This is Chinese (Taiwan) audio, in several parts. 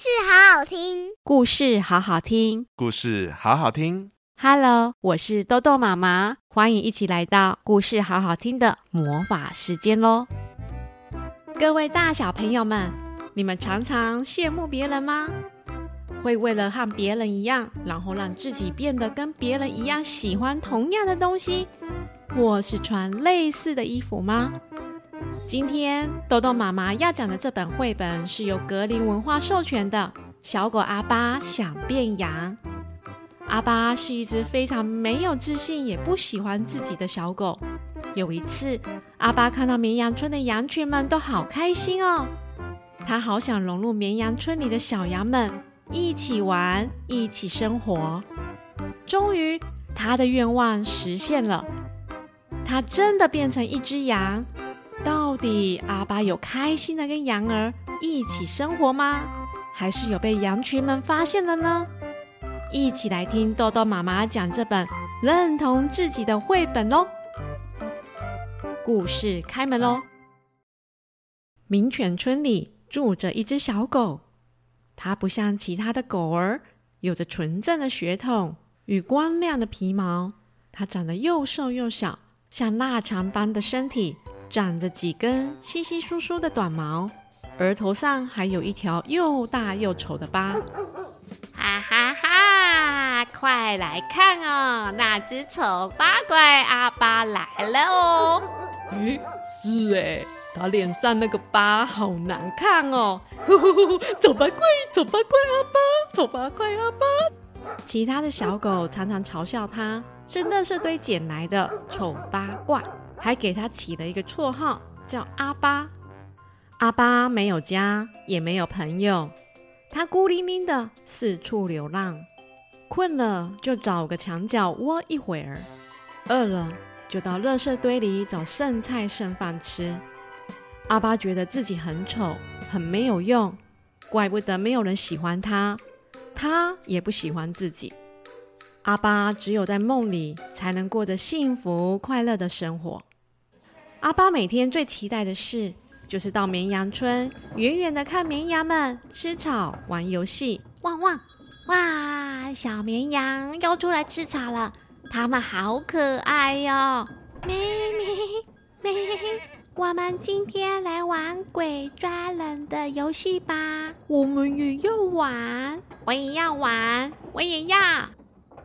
是好好聽故事，好好聽故事好好聽，故事好好聽。Hello，我是荳荳媽媽，歡迎一起來到故事好好聽的魔法時間咯。各位大小朋友們，你們常常羨慕別人嗎？會為了和別人一樣，然後讓自己變得跟別人一樣，喜歡同樣的東西，或是穿類似的衣服嗎？今天荳荳媽媽要講的這本繪本是由格林文化授權的《小狗阿疤想變羊》。阿疤是一隻非常沒有自信、也不喜歡自己的小狗。有一次，阿疤看到綿羊村的羊群們都好開心哦，他好想融入綿羊村裡的小羊們一起玩、一起生活。終於，他的願望實現了，他真的變成一隻羊。到底阿疤有開心的跟羊兒一起生活嗎？還是有被羊群們發現了呢？一起來聽豆豆媽媽講這本認同自己的繪本咯。故事開門咯！名犬村裡住着一只小狗，它不像其他的狗兒，有着純正的血統與光亮的皮毛，它長得又瘦又小，像臘腸般的身體。長着幾根稀稀疏疏的短毛，額頭上還有一條又大又醜的疤。哈、啊、哈哈！快來看哦，那只醜八怪阿疤來了哦。咦，是誒、欸、他臉上那個疤好難看哦。呵呵呵醜八怪，醜八怪阿疤，醜八怪阿疤。其他的小狗常常嘲笑他，真的是堆撿來的醜八怪。還給他起了一個綽號，叫阿疤。阿疤沒有家，也沒有朋友，他孤零零的四處流浪。困了就找個牆角窩一會兒，餓了就到垃圾堆裡找剩菜剩飯吃。阿疤覺得自己很醜，很沒有用，怪不得沒有人喜歡他，他也不喜歡自己。阿疤只有在夢裡才能過着幸福快樂的生活。阿疤每天最期待的事，就是到綿羊村遠遠的看綿羊們吃草、玩遊戲。汪汪哇，小綿羊又出來吃草了，它們好可愛喲、喔！咪咪咪咪，我們今天來玩鬼抓人的遊戲吧！我們也要玩，我也要玩，我也要。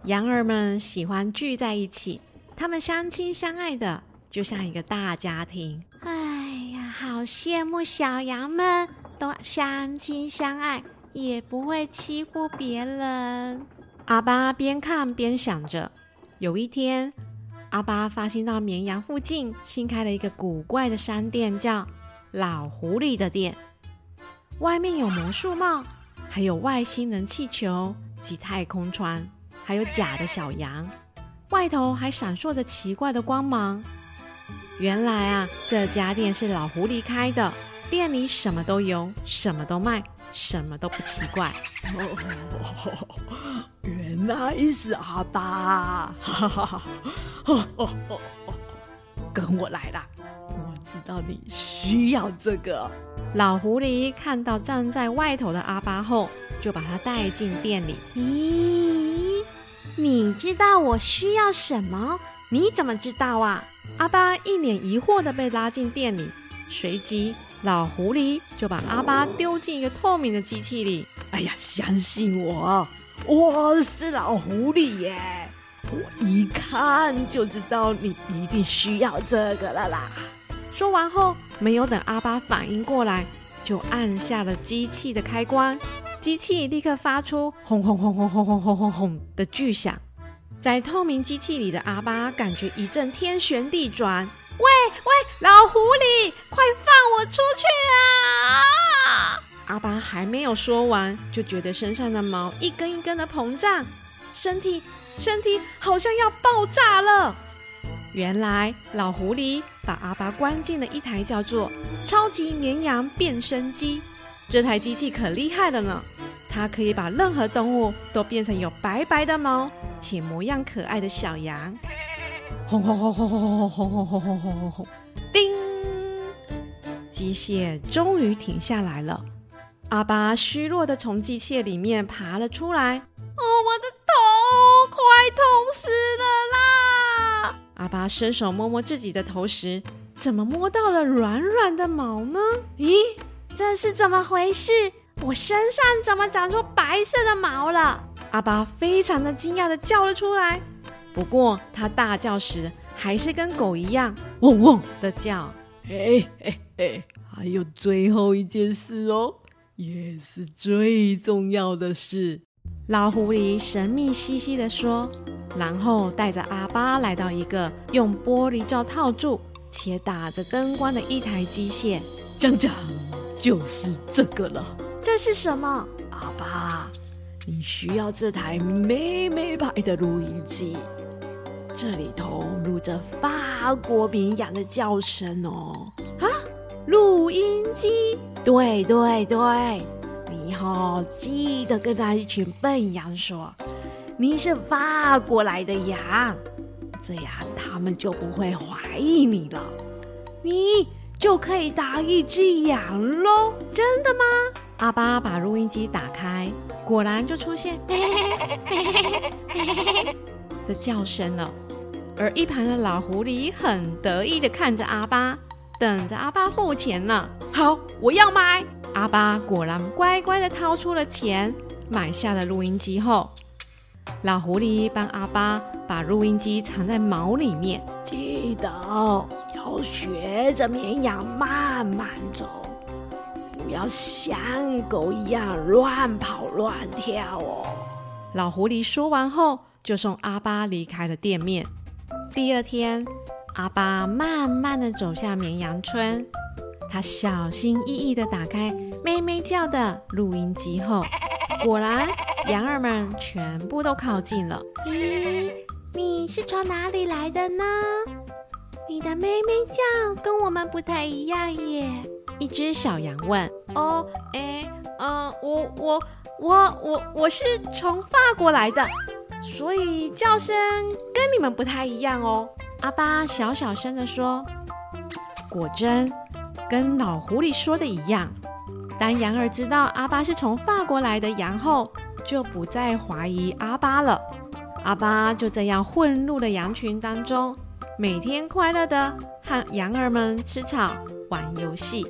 羊兒們喜歡聚在一起，他們相親相愛的，就像一個大家庭。哎呀，好羨慕小羊們都相親相愛，也不會欺負別人。阿疤邊看邊想着。有一天，阿疤發現到綿羊附近新開了一個古怪的商店，叫“老狐狸的店”。外面有魔術帽，還有外星人氣球及太空船。還有假的小羊，外頭還閃爍着奇怪的光芒。原來啊，這家店是老狐狸開的，店裡什麼都有，什麼都賣，什麼都不奇怪。哦哦、原來是阿疤，哦哦，跟我來啦！我知道你需要這個。老狐狸看到站在外頭的阿疤後，就把他帶進店裡。咦、嗯？你知道我需要什麼？你怎麼知道啊？阿疤一臉疑惑的被拉進店裡，隨即老狐狸就把阿疤丟進一個透明的機器裡。Oh. 哎呀，相信我，我是老狐狸耶，我一看就知道你一定需要這個了啦。說完後，沒有等阿疤反應過來。就按下了機器的開關，機器立刻發出轟轟轟轟轟轟轟轟的巨響，在透明機器裡的阿疤感覺一陣天旋地轉。喂喂，老狐狸，快放我出去啊！阿疤還沒有說完，就覺得身上的毛一根一根的膨脹，身體身體好像要爆炸了。原來老狐狸把阿疤關進了一台叫做“超級綿羊變身機”，這台機器可厲害了呢！它可以把任何動物都變成有白白的毛且模樣可愛的小羊。轟轟轟轟轟轟轟轟轟轟！叮！機械終於停下來了。阿疤虛弱的從機械裡面爬了出來。哦，我的頭快痛死了！阿疤伸手摸摸自己的頭時，怎麼摸到了軟軟的毛呢？咦，這是怎麼回事？我身上怎麼長出白色的毛了？阿疤非常的驚訝的叫了出來。不過他大叫時，還是跟狗一樣汪汪、嗯嗯嗯、的叫。嘿嘿嘿，還有最後一件事哦，也、yes, 是最重要的事。老狐狸神秘兮兮的說。然後帶着阿疤來到一個用玻璃罩套住且打着燈光的一台機械，鏘鏘，就是這個了。這是什麼，阿疤？你需要這台美美牌的錄音機，這裡頭錄着法國綿羊的叫聲哦。啊，錄音機？對對對，你以後記得跟他一群笨羊說。你是發過來的羊，這樣他們就不會懷疑你了，你就可以當一隻羊咯。真的嗎？阿疤把錄音機打開，果然就出現的叫聲了。而一旁的老狐狸很得意的看着阿疤，等着阿疤付錢呢。好，我要買。阿疤果然乖乖的掏出了錢，買下了錄音機後。老狐狸幫阿疤把錄音機藏在毛裡面，記得要學着綿羊慢慢走，不要像狗一樣亂跑亂跳哦。老狐狸說完後，就送阿疤離開了店面。第二天，阿疤慢慢的走下綿羊村，他小心翼翼的打開咩咩叫的錄音機後，果然。羊兒們全部都靠近了。咦、嗯，你是從哪裡來的呢？你的咩咩叫跟我們不太一樣耶。一只小羊問。哦，哎，嗯、呃，我我我我我是從法國來的，所以叫聲跟你們不太一樣哦。阿疤小小聲的說。果真，跟老狐狸說的一樣。當羊兒知道阿疤是從法國來的羊後。就不再懷疑阿疤了。阿疤就這樣混入了羊群當中，每天快樂的和羊兒們吃草、玩遊戲。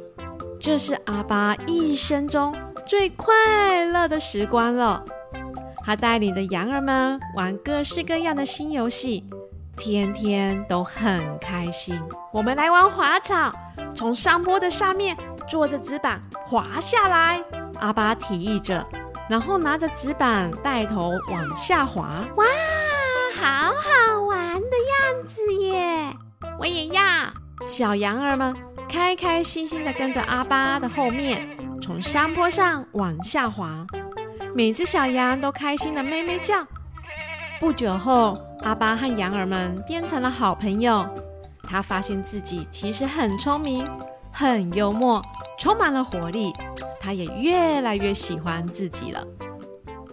這是阿疤一生中最快樂的時光了。他帶領著羊兒們玩各式各樣的新遊戲，天天都很開心。我們來玩滑草，從山坡的上面坐着紙板滑下來。阿疤提議着。然後拿着紙板帶頭往下滑，哇，好好玩的樣子耶！我也要！小羊兒們開開心心地跟着阿疤的後面，從山坡上往下滑。每只小羊都開心地咩咩叫。不久後，阿疤和羊兒們變成了好朋友。他發現自己其實很聰明、很幽默，充滿了活力。他也越來越喜歡自己了。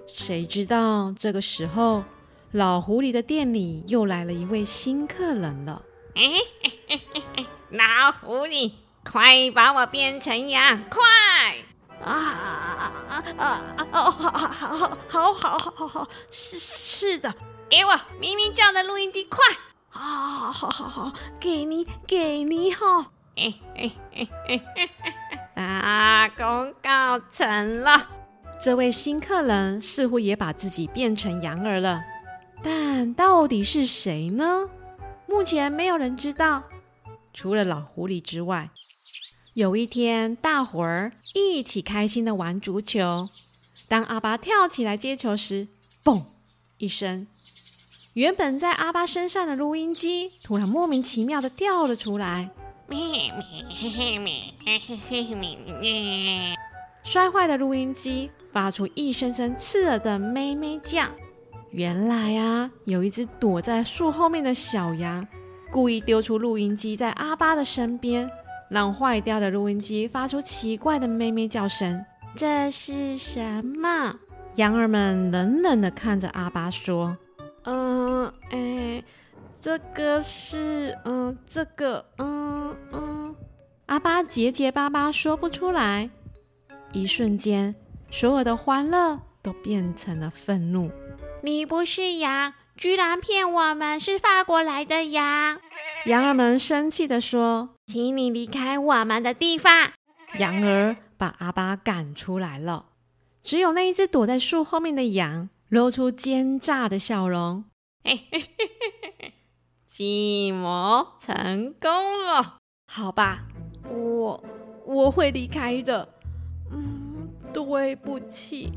誰知道這個時候，老狐狸的店裡又來了一位新客人了。哎嘿嘿嘿，老狐狸，快把我變成羊，快！啊啊啊！哦，好好好好好好好，是是的，給我咩咩叫的錄音機，快！好、啊、好好好好，給你給你哈，哎哎哎哎哎哎。 大功告成了！這位新客人似乎也把自己變成羊兒了，但到底是誰呢？目前沒有人知道，除了老狐狸之外。有一天，大夥兒一起開心的玩足球。當阿疤跳起來接球時，嘣一聲，原本在阿疤身上的錄音機突然莫名其妙的掉了出來。摔壞的錄音機發出一聲聲刺耳的咩咩叫。原來啊，有一隻躲在樹後面的小羊，故意丟出錄音機在阿疤的身邊，讓壞掉的錄音機發出奇怪的咩咩叫聲。這是什麼？羊兒們冷冷地看着阿疤說：“嗯，哎，這個是……嗯，這個……嗯。”阿疤結結巴巴說不出來，一瞬間，所有的歡樂都變成了憤怒。你不是羊，居然騙我們是法國來的羊！羊兒們生氣地說：“請你離開我們的地方！”羊兒把阿疤趕出來了。只有那一只躲在樹後面的羊露出奸詐的笑容：“嘿嘿嘿嘿嘿嘿，計謀成功了，好吧。”我我會離開的，嗯，對不起，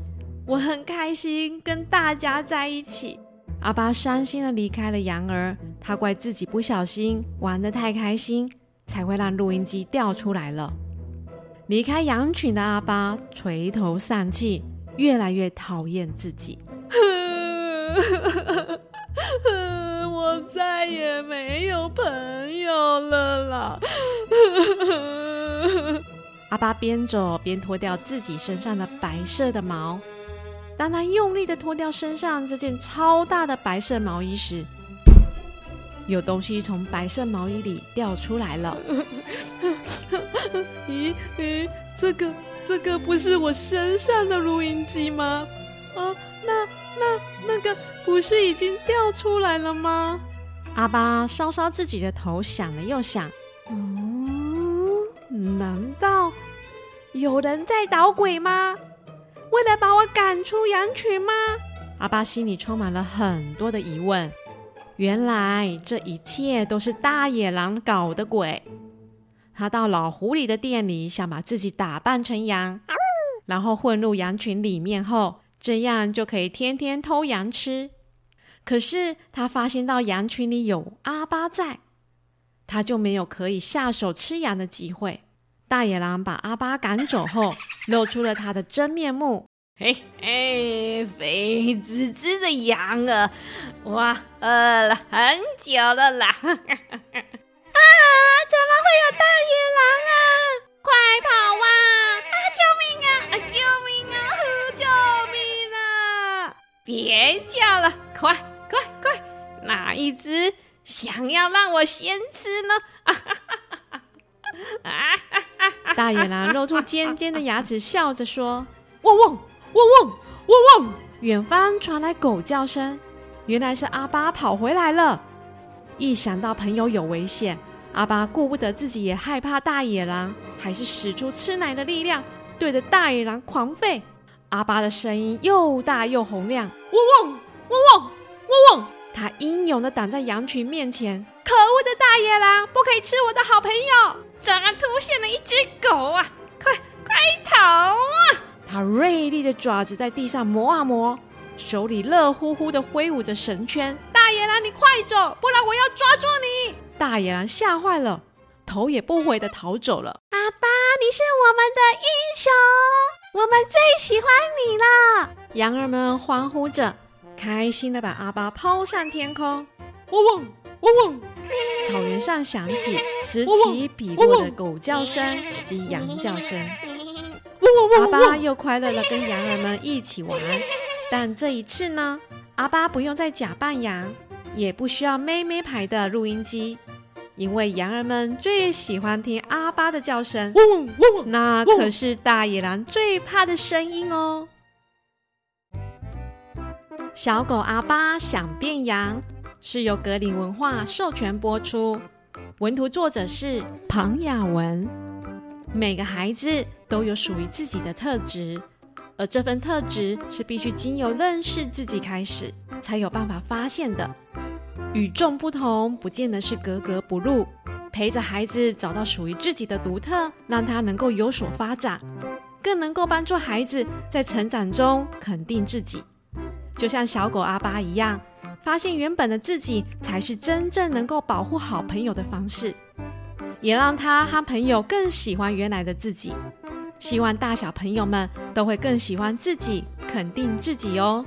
我很開心跟大家在一起。阿疤傷心的離開了羊兒，他怪自己不小心玩得太開心，才會讓錄音機掉出來了。離開羊群的阿疤垂頭喪氣，越來越討厭自己。 我再也沒有朋友了啦。 阿疤邊走邊脫掉自己身上的白色的毛，當他用力的脫掉身上這件超大的白色毛衣時，有東西從白色毛衣裡掉出來了。 咦，咦，咦，這個這個不是我身上的錄音機嗎？哦、啊，那那那個不是已經掉出來了嗎？阿疤搔搔自己的頭，想了又想。有人在搗鬼嗎？為了把我趕出羊群嗎？阿疤心裡充滿了很多的疑問。原來這一切都是大野狼搞的鬼。他到老狐狸的店裡，想把自己打扮成羊，然後混入羊群裡面後，這樣就可以天天偷羊吃。可是他發現到羊群裡有阿疤在，他就沒有可以下手吃羊的機會。大野狼把阿疤趕走後，露出了它的真面目。嘿嘿，肥滋滋的羊兒，我餓了很久了啦！ 啊，怎麼會有大野狼啊？快跑啊，啊救命啊！啊，救命啊！救命啊！別叫了，快快快！哪一隻想要讓我先吃呢？ 啊！大野狼露出尖尖的牙齒，笑着說：“汪汪汪汪汪汪！”遠方傳來狗叫聲，原來是阿疤跑回來了。一想到朋友有危險，阿疤顧不得自己也害怕大野狼，還是使出吃奶的力量，對着大野狼狂吠。阿疤的聲音又大又洪亮：“汪汪汪汪汪汪！”他英勇地擋在羊群面前。可惡的大野狼，不可以吃我的好朋友！突然出現了一隻狗啊！快快逃啊！它銳利的爪子在地上磨啊磨，手裡樂乎乎的揮舞着繩圈。大野狼，你快走，不然我要抓住你！大野狼嚇壞了，頭也不回的逃走了。阿疤，你是我們的英雄，我們最喜歡你了。羊兒們歡呼着，開心的把阿疤拋上天空。汪汪，汪汪。草原上響起此起彼落的狗叫聲及羊叫聲。阿疤又快樂的跟羊兒們一起玩，但這一次呢，阿疤不用再假扮羊，也不需要咩咩牌的錄音機，因為羊兒們最喜歡聽阿疤的叫聲。那可是大野狼最怕的聲音哦。小狗阿疤想變羊是由格林文化授權播出，文圖作者是龐雅文。每個孩子都有屬於自己的特質，而這份特質是必須經由認識自己開始，才有辦法發現的。與眾不同，不見得是格格不入。陪着孩子找到屬於自己的獨特，讓他能夠有所發展，更能夠幫助孩子在成長中肯定自己。就像小狗阿疤一樣。發現原本的自己才是真正能夠保護好朋友的方式，也讓他和朋友更喜歡原來的自己。希望大小朋友們都會更喜歡自己，肯定自己哦。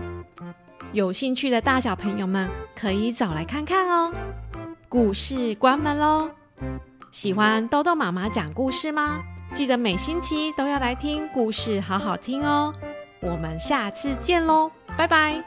有興趣的大小朋友們可以找來看看哦。故事關門咯，喜歡豆豆媽媽講故事嗎？記得每星期都要來聽故事，好好聽哦。我們下次見嘍，拜拜。